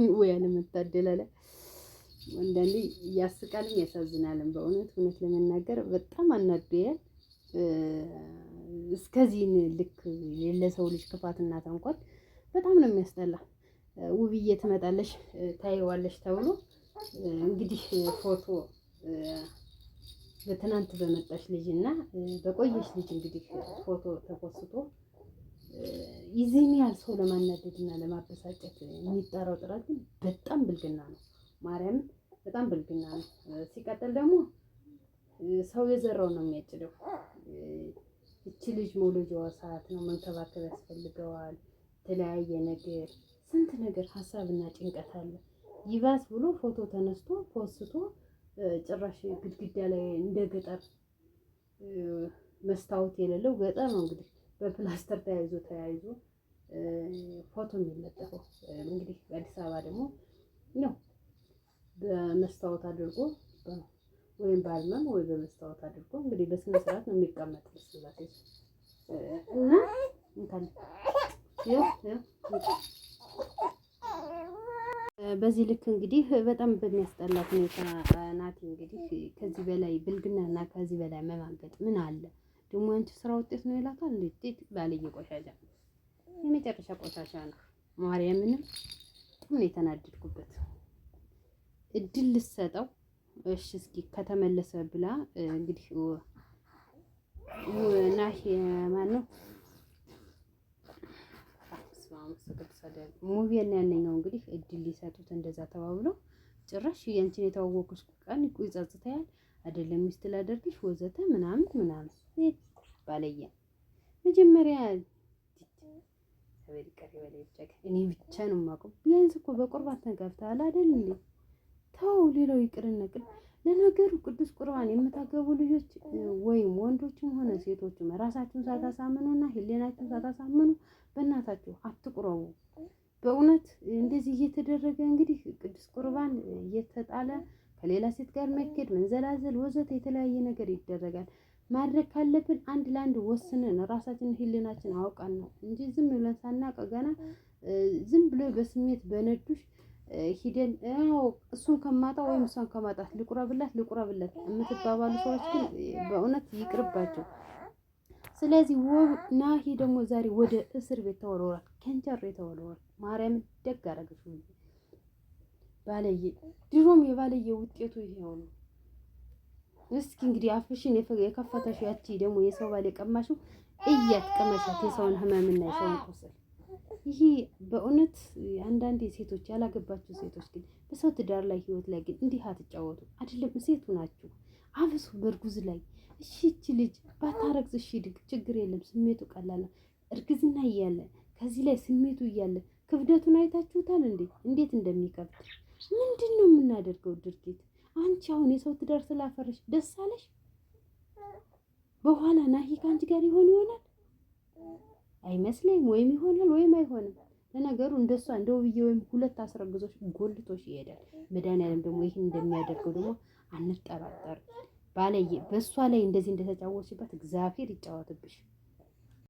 ወይ አለመታደል አለ። አንዳንዴ ያስቃልም ያሳዝናልም። በእውነት እውነት ለመናገር በጣም አናደያል። እስከዚህን ልክ የሌለ ልጅ ክፋትና ተንኮል በጣም ነው የሚያስጠላ። ውብዬ ትመጣለች ታየዋለች ተብሎ እንግዲህ ፎቶ በትናንት በመጣች ልጅ እና በቆየች ልጅ እንግዲህ ፎቶ ተቆስቶ። ይህን ያህል ሰው ለማናደድና ለማበሳጨት የሚጠራው ጥረት ግን በጣም ብልግና ነው። ማርያም በጣም ብልግና ነው። ሲቀጥል ደግሞ ሰው የዘራው ነው የሚያጭደው። እቺ ልጅ መውለጃዋ ሰዓት ነው፣ መንከባከብ ያስፈልገዋል። የተለያየ ነገር ስንት ነገር ሀሳብና ጭንቀት አለ። ይባስ ብሎ ፎቶ ተነስቶ ፖስቶ ጭራሽ ግድግዳ ላይ እንደ ገጠር መስታወት የሌለው ገጠር ነው እንግዲህ በፕላስተር ተያይዞ ተያይዞ ፎቶ የሚለጠፈው እንግዲህ በአዲስ አበባ ደግሞ ነው በመስታወት አድርጎ ወይም በአልበም ወይ በመስታወት አድርጎ እንግዲህ በስነ ስርዓት ነው የሚቀመጥ ስላት እና በዚህ ልክ እንግዲህ በጣም በሚያስጠላት ሁኔታ ናት። እንግዲህ ከዚህ በላይ ብልግናና ከዚህ በላይ መማገጥ ምን አለ? ደግሞ አንቺ ስራ ውጤት ነው ይላታል። እንዴት ባልዬ ቆሻሻ የመጨረሻ ቆሻሻ ነው። ማርያምንም በጣም ነው የተናደድኩበት። እድል ልሰጠው እሺ፣ እስኪ ከተመለሰ ብላ እንግዲህ ናሂ ማን ነው ሙቪና ያነኛው እንግዲህ እድል ሊሰጡት እንደዛ ተባብሎ ጭራሽ የንችን የተዋወቁት ቀን ይጸጽታያል። አይደለም ሚስት ላደርግሽ ወዘተ ምናምን ምናምን ባለየ መጀመሪያ እኔ ብቻ ነው የማውቀው። ቢያንስ እኮ በቁርባን ተጋብተሃል አይደል እንዴ? ተው፣ ሌላው ይቅርና ቅድ ለነገሩ ቅዱስ ቁርባን የምታገቡ ልጆች ወይም ወንዶችም ሆነ ሴቶችም ራሳችሁን ሳታሳምኑና ሕሊናችሁን ሳታሳምኑ በእናታችሁ አትቁረቡ። በእውነት እንደዚህ እየተደረገ እንግዲህ ቅዱስ ቁርባን እየተጣለ ከሌላ ሴት ጋር መኬድ፣ መንዘላዘል፣ ወዘተ የተለያየ ነገር ይደረጋል። ማድረግ ካለብን አንድ ለአንድ ወስንን ራሳችን ህሊናችን አውቃን ነው እንጂ ዝም ብለን ሳናውቀው ገና ዝም ብሎ በስሜት በነዱሽ ሂደን ያው እሱን ከማጣ ወይም እሷን ከማጣት ልቁረብላት ልቁረብላት የምትባባሉ ሰዎች ግን በእውነት ይቅርባቸው። ስለዚህ ናሂ ደግሞ ዛሬ ወደ እስር ቤት ተወርውሯል፣ ከንቸር ተወርውሯል። ማርያምን ደግ አደረገች። ባለየ ድሮም የባለየ ውጤቱ ይሄው ነው። እስኪ እንግዲህ አፍሽን የከፈተሽ ያቺ ደግሞ የሰው ባል የቀማሽው እያት ቀመሻት የሰውን ህመምና የሰውን ቁስል። ይሄ በእውነት አንዳንዴ ሴቶች ያላገባችሁ ሴቶች ግን በሰው ትዳር ላይ ህይወት ላይ ግን እንዲህ አትጫወቱ። አይደለም ሴቱ ናችሁ አብሶ በእርጉዝ ላይ እሺ፣ እቺ ልጅ ባታረግዝ እሺ፣ ችግር የለም ስሜቱ ቀላል ነው። እርግዝና እያለ ከዚህ ላይ ስሜቱ እያለ ክብደቱን አይታችሁታል እንዴ? እንዴት እንደሚከብድ ምንድን ነው የምናደርገው ድርጊት? አንቺ አሁን የሰው ትዳር ስላፈረሽ ደስ አለሽ? በኋላ ናሂ ከአንቺ ጋር ይሆን ይሆናል አይመስለኝም። ወይም ይሆናል ወይም አይሆንም። ለነገሩ እንደሷ እንደ ውብዬ ወይም ሁለት አስረግዞች ጎልቶች ይሄዳል። መድኃኒዓለም ደግሞ ይህን እንደሚያደርገው ደግሞ አንጠራጠር። ባለየ በእሷ ላይ እንደዚህ እንደተጫወችበት እግዚአብሔር ይጫወትብሽ።